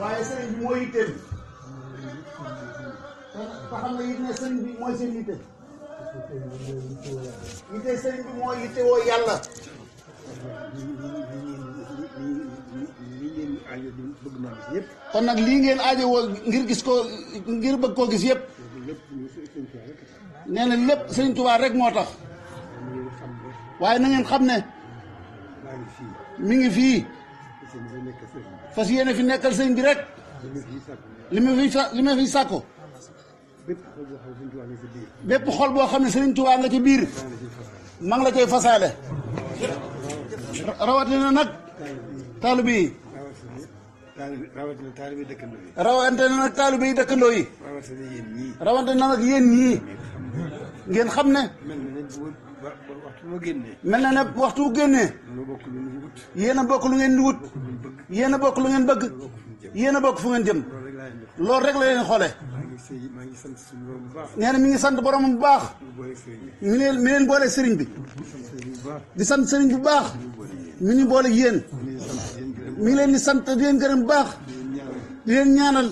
waaye sëriñ bi mooy yitteem te xam nga yit ne sëriñ bi mooy seen yitte yitte bi mooy yitte woo yàlla kon nag lii ngeen aajo woo ngir gis ko ngir bëgg koo gis yëpp nee na lépp sëriñ Tuubaa rek moo tax waaye na ngeen xam ne mu ngi fii fas yéene fi nekkal sëñ bi rek li ma fiy sa li ma fiy sàkko bépp xol boo xam ne sëriñ Tuubaa nga ci biir ma ngi la cay fasaale rawatina nag taalibe yi taalibi rawatina taalibi dëkkandoo yi. rawante na nag taalibi yi dëkkandoo yi. rawatina yéen ñii. rawante na nag yéen ñii. ngeen xam ne. mel na ne waxtu wu génnee. mel na ne waxtu wu génnee. yéen a bokk lu ngeen di wut. yéen a bokk lu ngeen bëgg. yéen a bokk fu ngeen jëm. loolu rek la leen xoolee. nee na mi ngi sant borom bu baax. mi leen mi leen boole sëriñ bi. di sant sëriñ bu baax. mi ñu boole yéen. mi ngi leen di sant di leen gërëm baax di leen ñaanal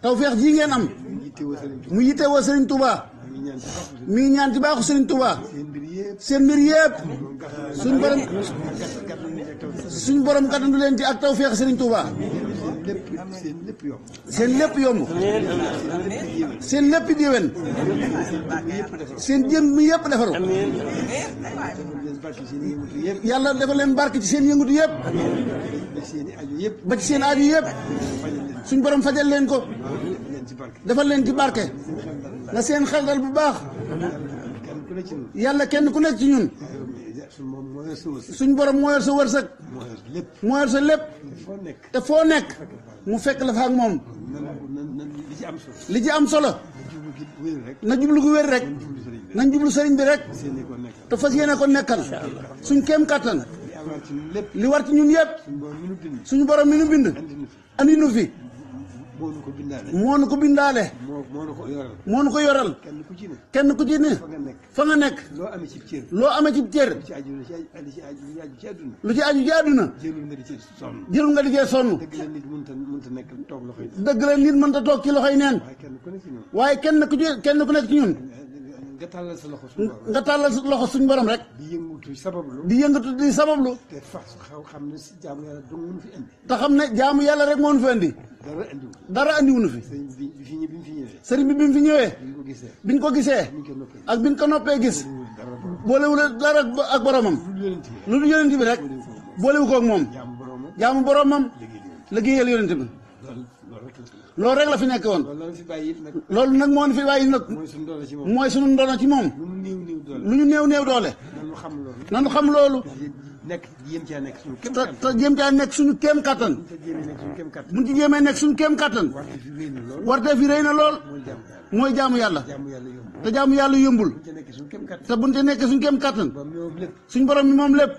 tawfeex ji ngeen am mu yittewoo Serigne Touba mi ngi ñaan ci baaxu Serigne Touba seen mbir yëpp suñ borom suñ borom kàttandu leen ci ak tawfeex Serigne Touba seen lépp yomb seen lépp diwen seen jën mi yëpp defaru yàlla dafa leen barke ci seen yëngutu yëpp ba ci seen aju yëpp suñ borom fajal leen ko dafa leen ci barke na seen xel dal bu baax yàlla kenn ku nekk ci ñun suñ borom moo yor sa wërsëg moo yor sa lépp te foo nekk mu fekk la fa ak moom li ci am solo na jublu gu wér rek nañ jublu sëriñ bi rek te fas yéene ko nekkal suñ kéem kattan li war ci ñun yëpp suñu borom mi nu bind andi nu fi moo nu ko bindaale moo nu ko yoral kenn ku ci ne fa nga nekk loo amee cib cër lu ci aju ci àdduna jërul nga di cee sonn dëgg la nit mënta toog ci loxoy neen waaye kenn ku ci kenn ku nekk ci ñun nga tàllal sa loxo suñ borom nga tàllal loxo suñu borom rek. di yëngatu sabablu di yëngatu di sabablu. te sax xaw xam ne si jaamu yàlla dong mu fi indi. te xam ne jaamu yàlla rek moo ñu fi indi. dara andiwul dara andiwul fi. sëriñ bi bi fi ñëwee. sëriñ bi bi mu fi ñëwee. bi ñu ko gisee bi ñu ko gisee. ak bi ñu ko noppee gis. boolewul dara ak boromam. lu dul yonent bi rek. boolewu ko ak moom. jaamu boromam liggéeyal yonent bi loolu rek la fi nekk woon loolu nag moo fi bàyyi nag mooy sunu ndono ci moom lu ñu néew néew doole nanu xam loolu nekk jéem caa nekk suñu kéem kattan te jéem caa nekk suñu kéem kattan. buñ ci jéemee nekk suñu kéem kattan. warte fi rëy na lool. mooy jaamu yàlla. te jaamu yàlla yombul. te buñ ci nekk suñu kéem kattan. suñu borom mi moom lépp.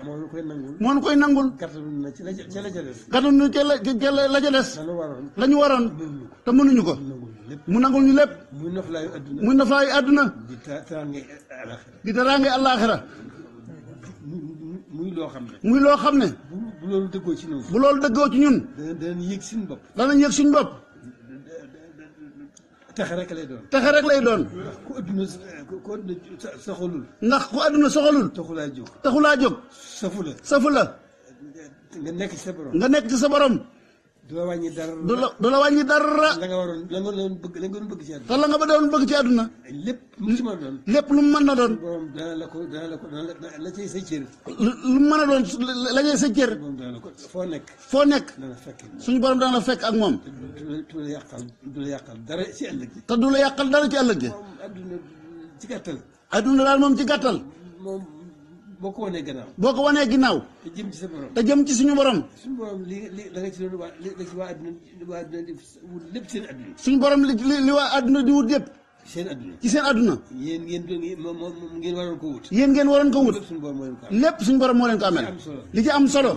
moo nu koy nangul. kattanu na ci la ca la ca la ca des. la ñu waroon te mënuñu ko. mu nangul ñu lépp. muy noflaayu àdduna. di taraange àllaaxira. muy loo xam ne. muy loo xam ne. bu loolu dëggoo ci ñun. bu loolu dëggoo ci ñun. danañ yëg suñu bopp. danañ yëg suñu bopp. texe rek lay doon. texe rek lay doon. ndax ku adduna ku adduna soxalul. ndax ku adduna soxalul. taxu laa jóg taxu laa jóg. safu nga nekk ci sa nga nekk ci sa borom. du la wàññi dara du la du la wàññi dara. la nga waroon la nga doon bëgg la nga te la nga ba doon bëgg ci àdduna. lépp lu a doon. lépp lu mu mën a doon. la ko la sa cër. lu mu mën a doon la cay sa cër. ko foo nekk. foo nekk. dana fekk suñu borom dana la fekk ak moom. te du la yàqal du la dara ci ëllëg ji. te du la yàqal dara ci ëllëg ji. moom àdduna ci gàttal. àdduna daal moom ci gàttal. moom. boo ko wanee ginnaaw boo ko wanee ginnaaw. te jëm ci suñu borom. suñu borom li li la nga ci doon waa li la ci waa adduna waa adduna di wut lépp waa adduna di wut lépp. seen adduna ci seen adduna. yéen ngeen ngeen waroon ko wut. yéen ngeen ko wut. lépp suñu borom moo leen ko amee lépp suñu moo leen ko amee. li ci am solo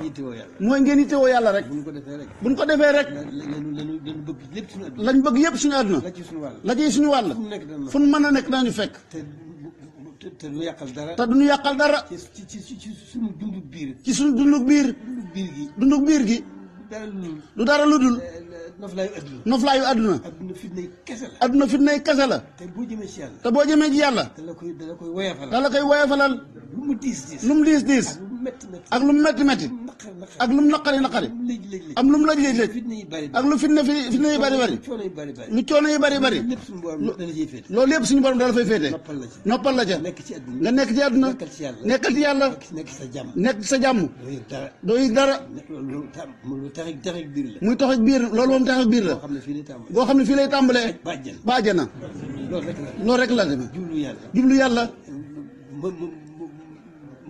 mooy ngeen yittewoo yàlla rek. buñ ko defee rek buñ ko defee rek. lañ bëgg lépp suñu adduna. lañ bëgg yëpp la ci suñu wàll la ci wàll. fu mu mën a nekk danañu fekk. te te du ñu yàqal dara. du ñu yàqal dara. ci ci ci suñu dundu biir. ci suñu dundu biir. dundu biir gi. dundu biir gi. du dara lu dul. Eh, noflaayu adduna. noflaayu adduna. adduna fitnay kese la. adduna fitnay kese la. te boo jëmee ci yàlla. te boo jëmee ci yàlla. da la koy da la koy woyafalal. da la koy woyafalal. mu diis diis. lu mu diis diis. ak lu mu métti métti ak lu mu naqari naqari am lu mu lëj lëj lëj ak lu fitna fitna yi bari bari lu coono yi bari bari loolu yëpp suñu borom dala fay féete noppal la ca nga nekk ci àdduna nekkal jàmm doo yëg dara muy tax biir loolu moom tax biir la boo xam ne fii lay tàmbalee bàjjana loolu rek la demee jublu yàlla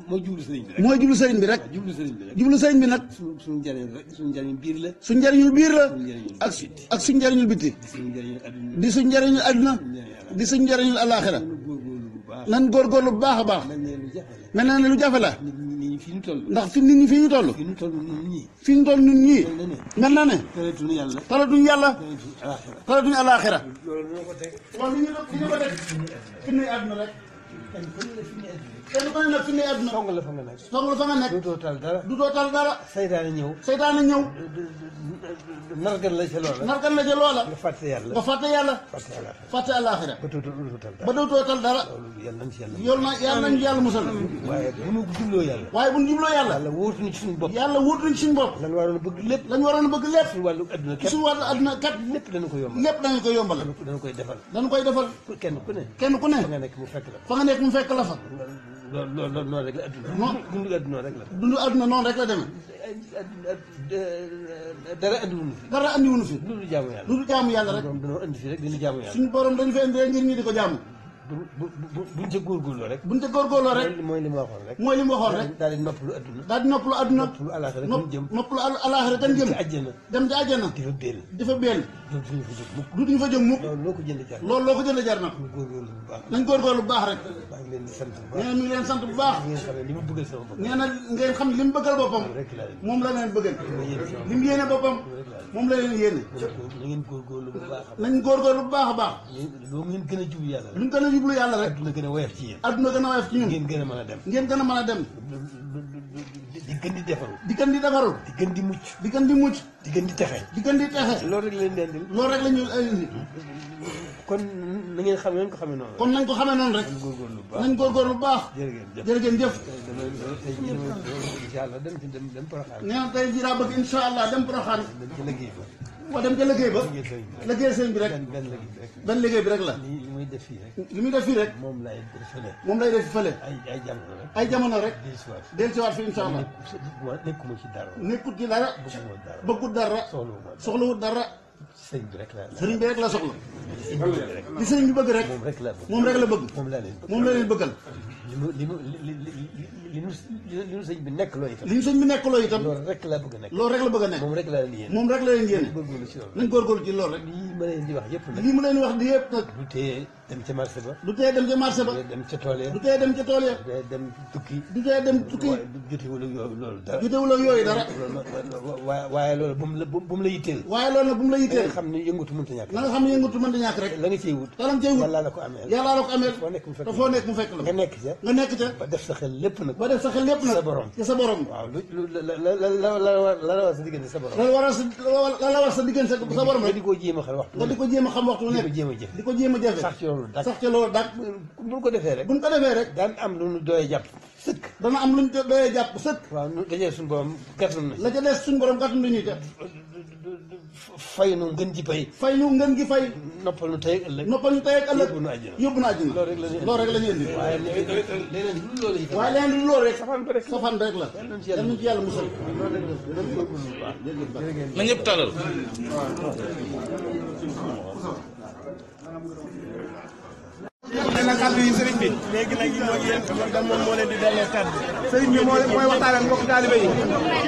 mooy jublu sëriñ bi rek mooy jublu sëriñ bi rek. jublu sëriñ bi rek jublu sëriñ bi nag. suñu suñu njëriñu rek suñu njëriñu biir la. suñu njëriñul biir la. ak ak suñu njëriñul bitti. di suñu njëriñul adduna di suñu njëriñul alaaxira nan góor bu baax a baax. mel na ne lu jafe la. fii ñu toll ndax fi nit ñi fii ñu toll. fii ñu toll ñun ñii. fii ñu toll ñun ñii. mel na ne. talatuñu yàlla. talatuñu yàlla. talatuñu alaaxira. loolu ñu ko teg. loolu ñu ko teg fi ñu àdduna te ku ko nag fi mu ne àdduna. song la fa nga nekk. song la fa nga nekk. la ca loola. nargan la ca loola. nga fàtte yàlla. nga fàtte yàlla. fàtte yàlla. fàtte suñu adduna kat. lépp dañu ko yombal. lépp dañu ko yombal. dañu koy defal. dañu koy defal. kenn ku ne. kenn ku ne. fa nga nekk mu fekk la fa. loolu loolu loolu noonu rek la adduna. non dundu adduna rek la. dundu adduna noonu rek la demee. dara andiwuñu fi. dara andiwuñu fi. dundu jaamu yàlla. dundu jaamu yàlla rek. suñu borom dañu fi indi rek dina jaamu yàlla. suñu borom dañu fi indi rek ngir ñu di ko jaamu. bu bu buñ ca góorgóorloo rek. buñ ca góorgóorloo rek. mooy li ma waxoon rek. mooy li ma waxoon rek. daal di noppalu adduna. daal di noppalu adduna. noppalu alaaxira dañ jëm. noppalu alaaxira dañ jëm. dem ci àjjana. dem ci àjjana. di fa benn. di fa benn. dutuñu fa jóg mukk. dutuñu fa jóg mukk. loolu loo ko jënd jar na. loolu loo ko jënd jar na. nañ góorgóorlu bu baax. nañ góorgóorlu bu baax rek. maa ngi leen di sant bu baax. nee na mi ngi leen sant bu baax. nee na ngeen xam li mu bëggal boppam. moom la leen bëggal. li mu yéene boppam moom la leen yéene. na ngeen góorgóorlu bu baax a baax. nañ góorgóorlu bu baax a baax. lu ngeen gën a jublu yàlla rek. lu ngeen gën a jublu yàlla rek. adduna gën a woyof ci yéen. adduna gën a woyof ci ñun. ngeen gën a mën a dem. ngeen gën a mën a dem. gën di defaru di gën di di di mucc di gën di mucc di gën di texe di gën di texe loolu rek lañ leen di loolu rek la ñu indi kon na ngeen xam ko xamee noonu kon nañ ko xamee noonu rek nañ góorgóorlu bu baax jërëgeen jëf nee na tey jii daa bëgg incha allah dem Porokhane moo dem ca liggéey ba liggéey sëñ bi rek benn liggéey bi rek la li muy def fii rek li muy def fii rek moom lay def fële moom lay def fële ay jamono rek ay jamono rek dellusiwaat fi incha allah nekkuma ci dara nekkut ci dara bëggut dara soxlawut dara sëriñ bi rek la sëriñ bi rek la soxla li sëriñ bi bëgg rek moom rek la bëgg moom la leen bëggal li mu li mu li nu li nu sëñ bi nekk loo itam. li nu sëñ bi nekk loo itam. loolu rek la nekk. loolu rek la nekk moom rek la leen moom rek la leen yéene. nañ góorgóorlu ci loolu rek. ma leen di wax yëpp nag. li mu leen wax di yëpp nag. du tee dem ca marché ba. du tee dem ca marché ba. du tee dem ca tool ya. du tee dem ca tool ya. du tee dem tukki. du tee dem tukki. waaye jotewul ak yooyu loolu dara. jotewul ak yooyu dara. waaye waaye loolu bu mu la bu mu la yitteel. waaye loolu nag bu mu la yitteel. nga xam ne yëngatu mënta ñàkk. na nga xam ne yëngatu mënta ñàkk rek. la nga cey wut. la nga cey wut yàlla la ko amee. yàlla la ko amee te foo nekk mu fekk la. nga nekk ca. nga nekk ca. ba def sa xel lépp nag. ba def sa xel lépp nag. sa borom ci sa borom. waaw lu lu la la la la la war sa diggante sa borom. la la war sa diggante sa borom rek. nga di ko jéem a xel wax waxtu nga di ko jéem a xam waxtu nekk di ko jéem a jëf di ko jéem a jëfe sax ci loolu sax ci loolu dak buñ ko defee rek buñ ko defee rek daan am lu ñu doyee jàpp sëkk dana am lu ñu doyee jàpp sëkk waaw dajee suñu borom gàttan na la ca des suñu borom gàttan nañuy def fay nu ngën ji fay fay nu ngën gi fay noppal nu tey ëllëg noppal nu tey ëllëg yóbbu nu àjjana yóbbu nu àjjana loolu rek la ñu indi waaye leneen lu loolu rek waaye leneen lu loolu rek safaan rek la yal nañ ci yàlla musal na ñëpp talal nag kàddu yi sëriñ bi léegi mooy waxtaanee ak mbokk taalibe yi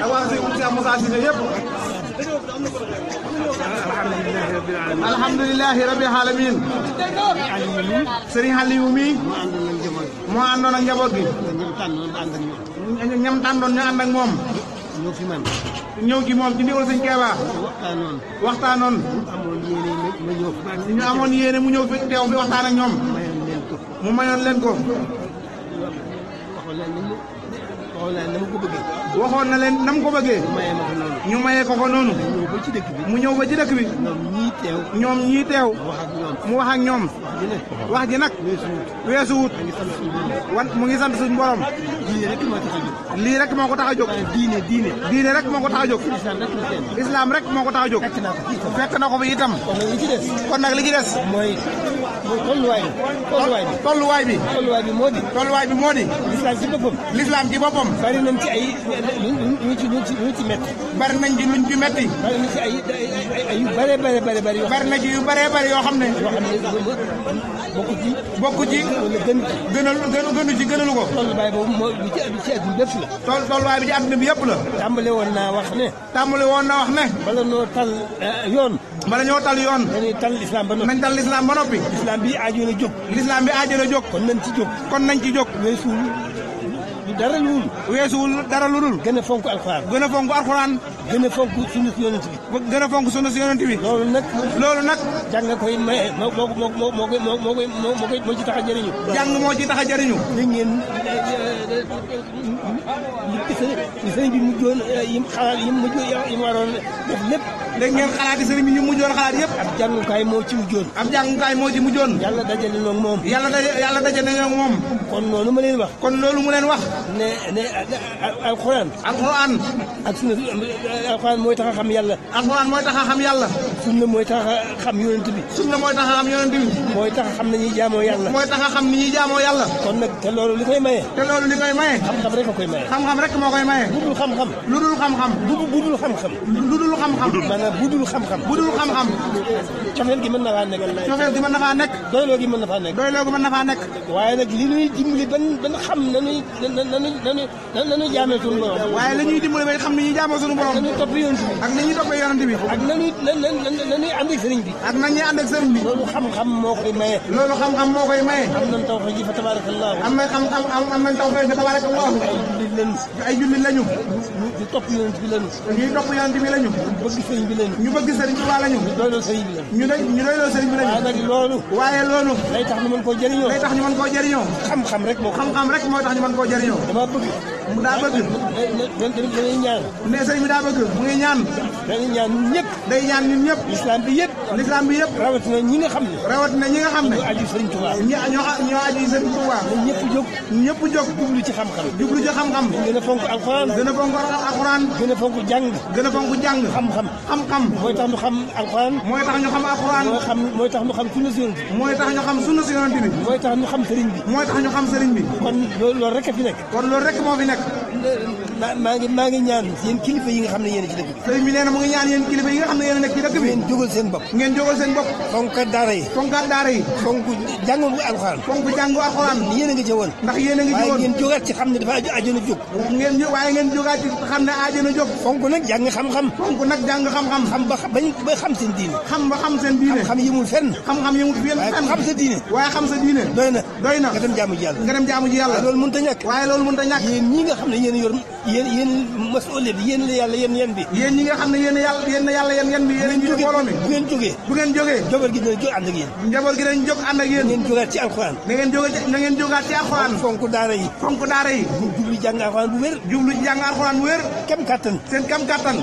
ak si Cheikh Moussa Cissé yëpp alhamdulilahi rabbil alamin sëriñ Aliou mi moo àndoon njaboot gi ñam tàndoon ñu ànd moom ñoo fi ñëw gi moom ci ndigal sëñ Keeba. waxtaanoon. waxtaanoon. ñu amoon yéene mu ñëw fi teew bi waxtaan ak ñoom. mu mayoon leen ko. waxoon na leen na ko bëggee. waxoon na leen na ko bëggee. ñu mayee ko ko noonu. ñu ba ci dëkk bi. mu ñëw ba ci dëkk bi. ñoom ñii teew. ñoom mu wax ñoom. wax ji nag. weesu wut. wan mu ngi sant suñu borom. lii rek moo ko tax a jóg. diine diine. diine rek moo ko tax a jóg. islam rek moo ko tax a jóg. fekk na ko fi itam. kon nag li ci mooy tolluwaay bi. tolluwaay bi tolluwaay bi. tolluwaay bi moo di. tolluwaay bi moo di. lislaam ci boppam. lislaam ci boppam. bari nañ ci ay lu ci lu ci métti. bari nañ ci luñ ci métti. bari nañ ci ay ay yu bëree bëri bëri bëri yoo. bari na ci yu bëree bëri yoo xam ne. yoo xam ne bokku ci. bokku ci wala gën ci. gënal gën gënu ci gënalu ko. tolluwaay boobu moo bi ci ci adduna bépp la. toll tolluwaay bi ci adduna bi yëpp la. tàmbale woon naa wax ne. tàmbale woon naa wax ne. bala noo tal euh, yoon. bala ñoo tal yoon nañuy tal lislaam ba noppi nañ tal lislaam ba noppi lislaam bi aajo la jóg lislaam bi aajo la jóg kon nañ ci jóg kon nañ ci jóg weesuwul dara lu dul weesuwul dara lu dul gën a fonk alxuraan gën a fonk alxuraan gën a fonk sunu yonent bi gën a fonk sunu yonent bi loolu nag loolu nag jàng koy maye moo moo moo moo koy moo koy moo ci tax a jëriñu jàng moo ci a jëriñu li ngeen li sëriñ bi mujjoon eh, yim xalaat yim mujj yim waroon def lépp da ngeen xalaati sëriñ bi ñu mujjoon xalaat yëpp ab jàngukaay moo ci mujjoon ab jàngukaay moo ci mujjoon yàlla dajale noog moom yàlla yàlla dajale noog moom kon noonu ma leen wax kon loolu mu leen wax ne ne alxuraan alxuraan ak sunu alxuraan mooy tax a xam yàlla. alxuraan mooy tax a mooy tax a xam yonent bi. sunna mooy tax a xam yonent bi. mooy tax xam ni ñuy jaamoo yàlla. mooy tax a xam ni ñuy jaamoo yàlla. kon nag te a koy maye. xam-xam rek moo koy maye. budul xam-xam. lu dul xam-xam. bu dul xam bu dul xam-xam. bu dul xam ñuy dimbali ba xam ni ñuy jaamoo suñu ñuy topp yonent bi. ak na ñuy toppee yonent bi. ak na ñuy na na na ñuy ànd ak sëriñ bi. ak na ñuy ànd ak sëriñ bi. loolu xam-xam moo koy maye. loolu xam-xam moo koy maye. am nañ tawfeex ji fa tabarakallah. am nañ xam-xam am nañ tawfeex fa tabarakallah. ay jullit lañu. ay jullit lañu. ñu topp yonent bi lañu. ñuy topp yonent bi lañu. ñu bëgg sëriñ bi lañu. ñu bëgg sëriñ bi waa lañu. ñu doyloo sëriñ bi lañu. ñu doy ñu doyloo sëriñ bi lañu. waaye nag loolu. waaye loolu. day tax ñu mën koo jëriñoo. day tax ñu mën koo jëriñoo. xam-xam rek moo xam-xam rek moo tax ñu mën koo jëriñoo. dama bëgg. mu daa bëgg. ne sëriñ bi daa bëgg dëgg mu ngi ñaan dañu ñaan ñun ñëpp day ñaan ñun ñëpp lislaam bi yëpp lislaam bi yëpp rawatina ñi nga xam ne rawatina ñi nga xam ne ñoo aju sëriñ Tuubaa ñoo aju sëriñ Tuubaa na ñëpp jóg ñëpp jóg jublu ci xam-xam jublu ci xam-xam gën a fonk a a a xam-xam xam mooy tax ñu xam alxuraan mooy mooy tax ñu xam sunna si yonent mooy tax ñu xam sunna si yonent mooy tax ñu xam sëriñ bi mooy tax ñu xam sëriñ bi kon loolu rek fi nekk kon loolu rek moo nekk maa maa ngi maa ngi ñaan yéen kilifa yi nga xam ne yéen a ci dëkk bi sëriñ bi nee na mu ngi ñaan yéen kilifa yi nga xam ne yéen a nekk ci dëkk bi ngeen jógal seen bopp ngeen jógal seen bopp fonk daara yi fonk daara yi fonk jàngu alxuraan fonk jàngu alxuraan yéen a ngi ci woon ndax yéen a ngi ci woon waaye ngeen jógaat ci xam ne dafa ajona jóg ngeen waaye ngeen jógaat ci xam ne ajona jóg fonk nag jàng xam-xam fonk nag jàng xam-xam xam ba bañ ba xam seen diine xam ba xam seen diine xam yëmul fenn xam-xam yëmul fenn xam sa diine waaye xam sa diine doy na doy na nga dem jaamu ji yàlla nga dem jaamu ji yàlla loolu mënta ñàkk waaye loolu mënta ñàkk yéen ñi nga xam ne yéen yor yéen yéen masoole bi yéen la yàlla yéen yéen bi yéen ñi nga xam ne yéen yàlla yéen yàlla yéen yéen bi yéen bi mbooloo mi bu ngeen jógee bu ngeen jógee njaboot gi dinañ jóg ànd ak yéen njaboot gi dinañ jóg ànd ak yéen ngeen jógaat ci alxuraan na ngeen jógaat na ngeen jógaat ci alxuraan fonk daara yi fonk daara yi jublu jàng alxuraan bu wér jublu jàng alxuraan bu wér kam kàttan seen kam kàttan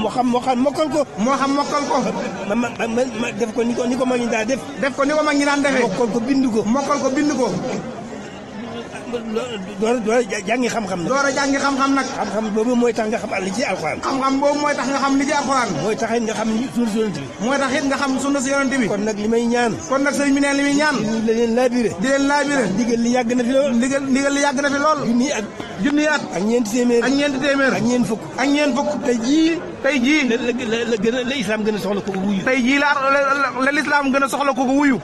moo xam moo xam mokkal ko. moo xam mokkal ko. ma ma ma def ko ni ko ni ko mag ñi daan def. def ko ni ko mag ñi daan defee. mokkal ko bind ko. mokkal ko bind ko. door door jàngi xam-xam nag. door a jàngi xam-xam nag. xam-xam boobu mooy tax nga xam li ci alxuraan. xam-xam boobu mooy tax nga xam li ci alxuraan. mooy taxit nga xam sunna si yonent bi. mooy taxit nga xam sunna si yonent bi. kon nag li may ñaan. kon nag sëriñ bi nee li muy ñaan. di leen laabire. di leen laabire. ndigal li yàgg na fi lool. ndigal ndigal li yàgg na fi lool. junni at. junni at. ak ñeenti téeméer. ak ñeenti téeméer. ak ñeent fukk. ak ñeent fukk tey jii. tey jii la la la gën a la islam gën a soxla ko ko wuyu. tey jii la la la lislaam gën a soxla ko ko wuyu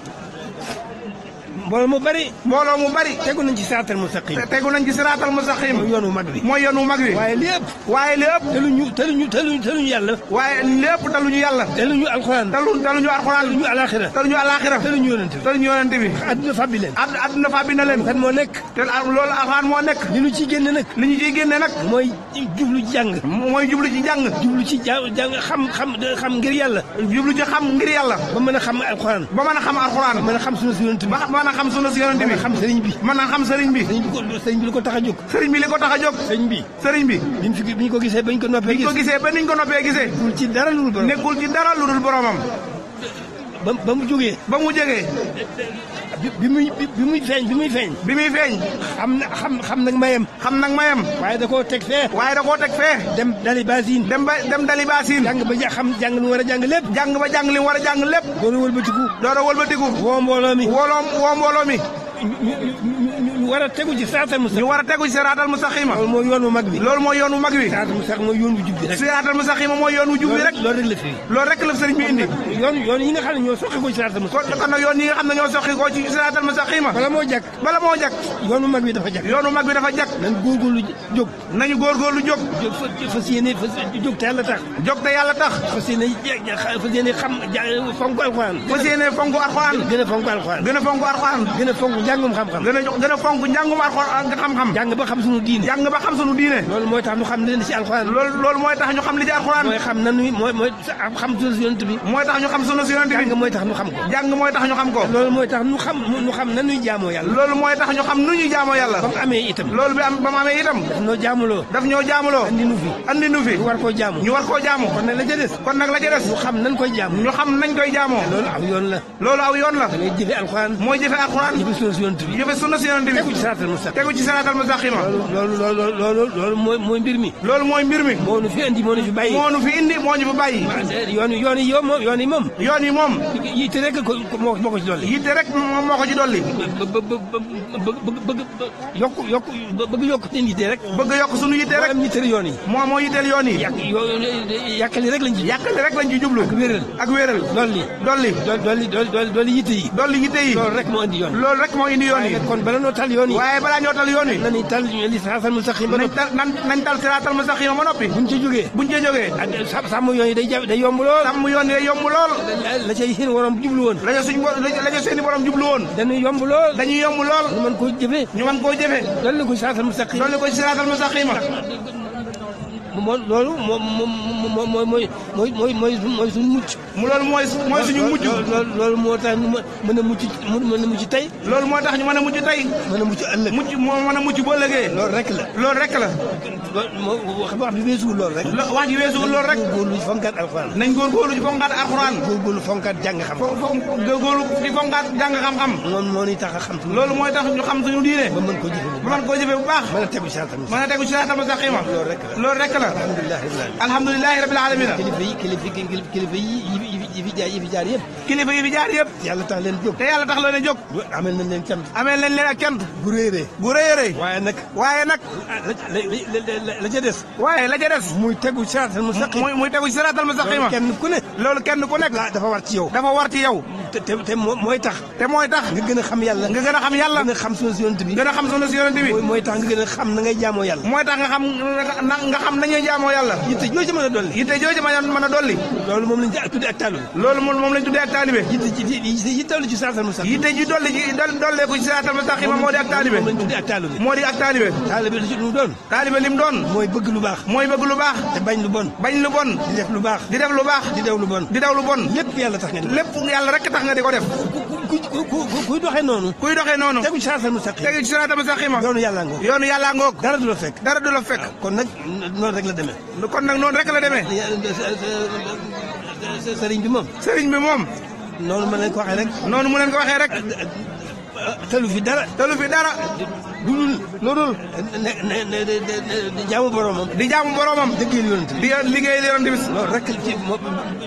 mbooloo mu bari mbooloo mu bari tegu nañ ci siraatal mustaqim tegu nañ ci siraatal mustaqim mooy yoon wu mag wi mooy yoon wu mag wi waaye lépp waaye lépp taluñu taluñu taluñu taluñu yàlla waaye lépp taluñu yàlla taluñu alxuraan talu taluñu alxuraan taluñu alaxira taluñu alaxira taluñu yonente bi taluñu yonente bi adduna fàbbi leen adduna fàbbi na leen kan moo nekk te loolu alxuraan moo nekk li ñu ciy génne nag li ñu ciy génne nag mooy jublu ci jàng mooy jublu ci jàng jublu ci jàng xam xam xam ngir yàlla jublu ci xam ngir yàlla ba mën a xam alxuraan ba mën a xam alxuraan ba mën a xam sunu yonente bi xam sunna si yonent bi xam sëriñ bi mën sëriñ bi li ko tax a jóg sëriñ bi li ko tax a jóg sëriñ bi sëriñ bi biñ fi ko gisee ba niñ ko noppee gisee nekkul ci dara lu boromam nekkul ba mu jógee ba mu jógee bi muy bi muy feeñ bi muy feeñ. bi muy feeñ. xam na xam xam nag mayam. xam nag mayam. waaye da koo teg fee. waaye da koo teg fee. dem dali baasin. dem ba dem dali baasin. jàng ba xam jàng li mu war a jàng lépp. jàng ba jàng li mu war a jàng lépp. door a wëlbatiku. door a wëlbatiku. woo mbooloo mi. woo mbooloo mi. war a tegu ci siraatal mustaqima ñu war a tegu ci siraatal mustaqima loolu mooy yoon wu mag bi loolu mooy yoon wu mag bi siraatal mustaqima mooy yoon wu jub bi rek loolu rek la fi loolu rek la sëriñ bi indi yoon yi nga xam ne ñoo soqi ci siraatal mustaqima bala moo jag bala moo jag yoon wu mag bi dafa jag yoon wu mag bi dafa jag nañ góorgóorlu jóg nañu jóg fas yéene jóg te jóg te yàlla tax fas yéene xam fonk alxuraan fas yéene fonk gën a fonk alxuraan gën a gën a fonk njàngum xam-xam gën a fonk bu njàngum alxuraan ak xam-xam jàng ba xam sunu diine jàng ba xam sunu diine loolu mooy tax ñu xam li ci alxuraan loolu mooy tax ñu xam li ci alxuraan mooy xam nanuy mooy mooy xam sunu yonent bi mooy tax ñu xam sunu yonent bi jàng mooy tax ñu xam ko jàng mooy tax ñu xam ko loolu mooy tax ñu xam ñu xam nanuy jaamoo yàlla loolu mooy tax ñu xam nu ñuy jaamoo yàlla ba mu amee itam loolu bi am ba mu amee itam daf ñoo jaamuloo daf ñoo jaamuloo andi nu fi andi nu fi ñu war koo jaamu ñu war koo jaamu kon nag la ca des kon nag la ca des ñu xam nañ koy jaamu ñu xam nañ koy jaamoo loolu aw yoon la loolu aw yoon la da ngay jëfe alxuraan mooy jëfe alxuraan jëfe sunu yonent bi jëfe sunu yonent bi tegu ci siraatal mustaqiim. tegu ci siraatal mustaqiim. loolu loolu loolu mooy mbir mi. loolu mooy mbir mi. moo fi indi moo fi bàyyi. moo fi indi moo fi bàyyi. Ah, yoon yi moom yoon moom. yitte rek ko moo yitte rek moom moo ko ba ba ba bëgg yokku yokku bëgg yokk seen yitte rek. bëgg yokk sunu yitte rek. moo am yitteel yoon yi. rek lañ ci. jublu. ak wéeral ak wéeral. dolli dolli. yitte yi. loolu rek moo indi loolu rek moo indi yoon kon bala noo tal yoon yi waaye balaa ñoo tal yoon yi nañu tal siraatal mustaqim ba tal siraatal mustaqim ba noppi buñ ca jógee buñ ca jógee ah, sàmm yoon day yomb lool sàmm yoon day yomb lool la ca seen borom jublu woon la ca suñ la ca woon dañuy yomb lool dañuy yomb lool ñu mën koo jëfe ñu mën koo jëfe dolli ko siraatal ko siraatal mustaqim moo loolu moo moo moo mooy mooy mooy mooy suñu mucc. mu loolu mooy mooy suñu mujj. loolu loolu moo tax ñu mën a mucc mën a mucc tey. loolu moo tax ñu mën a mucc tey. mën a mucc moo mën a mucc boo ëllëgee. loolu rek la. loolu rek la. wax wax ji weesuwul loolu rek. lo wax ji weesuwul loolu rek. nañ góorgóorlu alxuraan. nañ góorgóorlu ci fonkaat alxuraan. jàng xam. fo fo góorgóorlu ci fonkaat jàng xam-xam. loolu moo ñuy tax a xam. loolu mooy tax ñu xam suñu diine. ba mën koo jëfee bu baax ba mën koo jëfee bu baax. mën a tegu ci saatam sax xiima loolu rek la na alhamdulilahi rabbil alamina kilifa yi kilifa yi yi fi jaar yi fi jaar yëpp kilifa yi fi jaar yëpp yàlla tax leen jóg te yàlla tax loo ne jóg amel nañ leen leen ak cant waaye nag waaye nag la ca des waaye la ca des muy tegu siraatal mustaqim muy tegu kenn ku ne loolu kenn ku nekk dafa war ci te mooy tax te mooy tax nga gën a a xam yàlla nga xam sunu si yonent bi a xam na nga xam nga a dolli yitte joo ci mën a dolli ak taalu loolu moom moom lañ tuddee ak taalibe yi dolli ci siraatal mustaqiim yitte ji dolli ci dollee ko ci moo di ak taalibe moo di ak taalibe taalibe li mu doon taalibe li doon mooy bëgg lu baax mooy bëgg lu baax te bañ lu bon bañ lu bon di def lu baax di def lu baax di daw lu bon di daw lu bon lépp yàlla tax nga lépp yàlla tax nga ko def kuy doxee noonu kuy doxee noonu tegu ci siraatal mustaqiim tegu ci siraatal mustaqiim yoonu yoonu yàlla ngoog dara sëriñ bi moom. sëriñ bi moom. noonu ma leen ko waxee rek. noonu mu leen ko waxee rek. talu fi dara. talu fi dara. du dul loolu. di jaamu boromam. di jaamu boromam. liggéeyal yonent bi. di liggéeyal yonent bi. loolu rek ci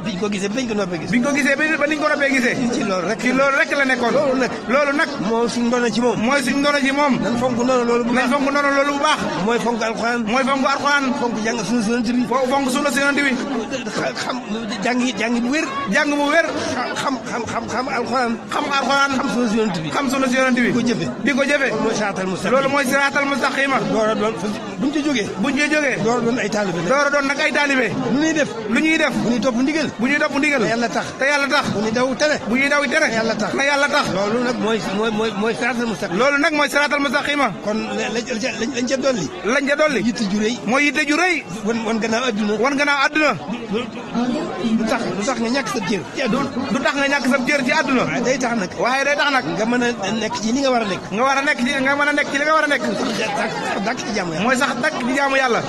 biñ ko gisee bañ ko noppee gisee. biñ ko gisee ba niñ ko noppee gisee. ci loolu rek ci loolu rek la nekkoon. loolu nag loolu nag. moo suñ ndono ci moom. mooy suñ ndono ci moom. nañ fonk ndono loolu bu baax nañ fonk ndono loolu bu baax. mooy fonk alxuraan. mooy fonk alxuraan. fonk jàng suñu yonent bi. fo fonk suñu yonent bi. xam jàngi jàngi bu wér. jàng bu wér. xam xam xam xam alxuraan. xam alxuraan. xam suñu yonent bi. xam suñu sunna si yonent bi di ko jëfe loolu mooy siraatal mustaqima door a doon buñ ci jógee buñ ci jógee door a doon ay taalibe door a doon nag ay taalibe lu ñuy def lu ñuy def bu ñuy topp ndigal bu ñuy topp ndigal te yàlla tax te yàlla daw tere bu ñuy daw tere yàlla tax na loolu nag mooy mooy mooy siraatal loolu nag mooy siraatal mustaqima kon lañ ca dolli lañ dolli yitte ju rëy mooy yitte ju rëy wan adduna wan gannaaw adduna du tax du tax nga ñàkk sa a nekk ci li nga war a nekk nga war a nekk ci nga mën a nekk ci li nga war a nekk dakk ci jaamu yàlla mooy sax dakk ci jaamu yàlla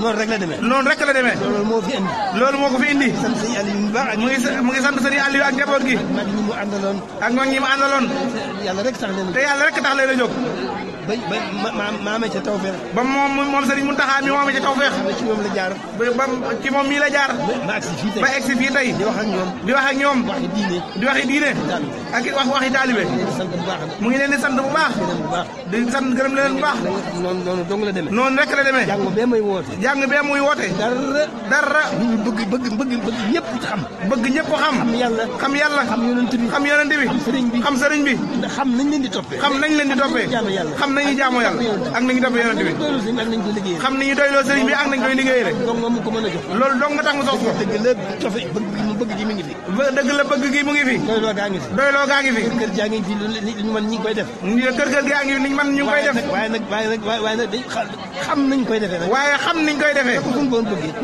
noonu rek la demee noonu rek la demee loolu moo fi indi loolu moo ko fi indi sant sëñ Aliou bu baax mu ngi mu ngi sant sëñ Aliou ak njaboot gi mag ñi mu àndaloon ak mag ñi mu àndaloon te yàlla rek tax leen a ba ba ma amee ca tawfeex. ba moom moom Serigne Mountakha mii wax ak sëriñ bi. xam nañ leen di toppee. xam xam nañu jaamu yàlla ak nañu topp yonent bi xam nañu doyloo sëriñ bi ak nañ koy liggéeyee loolu dong nga tax mu sox ko dëgg la bëgg gi mu ngi fi dëgg la bëgg gi mu ngi fi doyloo gaa ngi fi doyloo gaa ngi fi kër gaa ngi fi ñu man ñu ngi koy def kër kër gaa ngi fi niñ man ñu ngi koy def waaye nag waaye nag waaye nag xam nañ koy defee nag waaye xam nañ koy defee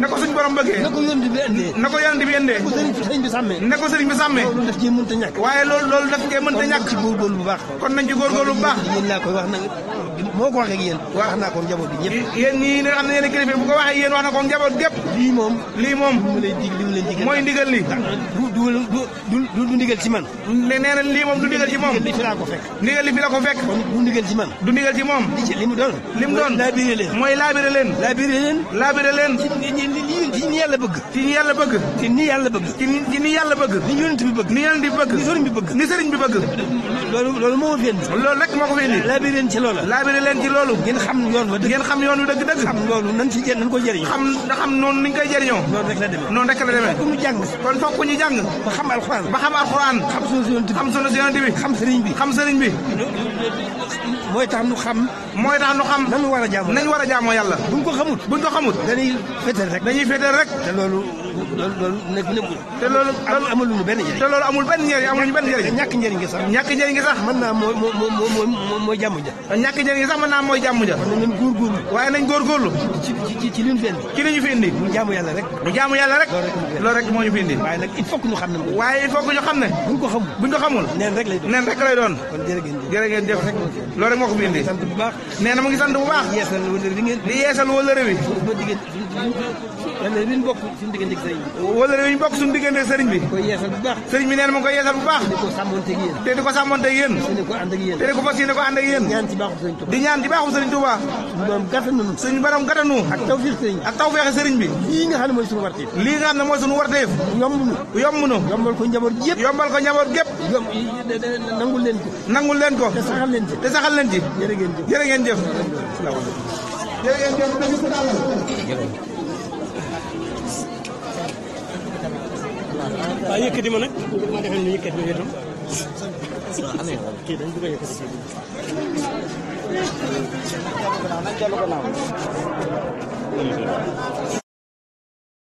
na ko suñ borom bëggee na ko yonent bi indee na ko yonent bi indee sëriñ bi sàmmee na ko sëriñ bi sàmmee loolu daf cee mënta ñàkk waaye loolu loolu daf cee mënta ñàkk ci góorgóorlu bu baax kon nañ ci góorgóorlu bu baax yéen laa koy wax nag moo ko waxee ak yéen wax naa ko njaboot bi ñëpp. yéen ñii ne am na yeneen kilifa bu ko waxee yéen wax na ko njaboot gépp. lii moom lii moom. li mu leen digal mooy ndigal li. du du du du du ndigal ci man. nee na lii moom du ndigal ci moom. ndigal li fi laa ko fekk. ndigal li fi la ko fekk. kon du ndigal ci man. du ndigal ci moom. li ci li mu doon. li mu doon laabire leen. mooy laabire leen. laabire leen. laabire leen. ci ci ni yàlla bëgg. ci ni yàlla bëgg. ci ni yàlla bëgg. ci ni ni yàlla bëgg. ni yonent bi bëgg. ni yonent bi bëgg. ni sëriñ bi bëgg. ni sëriñ bi bëgg. loolu loolu moo ko fi indi. loolu rek moo ko fi indi. laabire leen ci loola laabire leen ci loolu ngeen xam yoon wa dëgg ngeen dëgg dëgg xam loolu xam nga xam noonu niñ koy jëriñoo la demee noonu rek la demee fokk ñu jàng kon fokk ñu jàng ba xam alxuraan ba xam alxuraan xam sunu yonent bi xam sunu yonent bi xam sëriñ bi mooy tax nu xam mooy tax nu xam nañu war a jaamoo nañu war a jaamoo yàlla buñ ko xamut buñ ko xamut dañuy féetal rek dañuy féetal rek te loolu loolu loolu nekk nekk te loolu amul ñu benn njëriñ waaye nañ góorgóorlu ci ci li ñu ci li fi indi ñu jaamu yàlla rek ñu jaamu yàlla rek loolu rek moo ñu fi indi waaye nag ñu xam ne waaye il faut que ko xamul buñ ko xamul neen rek lay doon neen rek lay doon loolu rek moo ko fi indi. sant bu baax nee na mu ngi sant bu baax. di yeesal wëllëre bi. di yeesal wëllëre bi. wala li ñu bokk suñu diggante sëriñ bi wala li sëriñ bi koy yeesal mu ngi ko sàmmonte te di ko te di te di ko fas ko ànd ak di ñaan ci baaxum sëriñ Touba suñu borom gàttanu suñu borom gàttanu ak tawfeex sëriñ ak tawfeex sëriñ bi lii nga xam ne mooy suñu warteef lii yomb nu yomb nu yombal ko njaboot yëpp yombal ko njaboot yëpp nangul leen ko nangul leen ko te saxal leen ci te saxal leen waaw yëkkati ma nag ma defee ni yëkkati ma itam kii dañ bëgg a yëkkati kii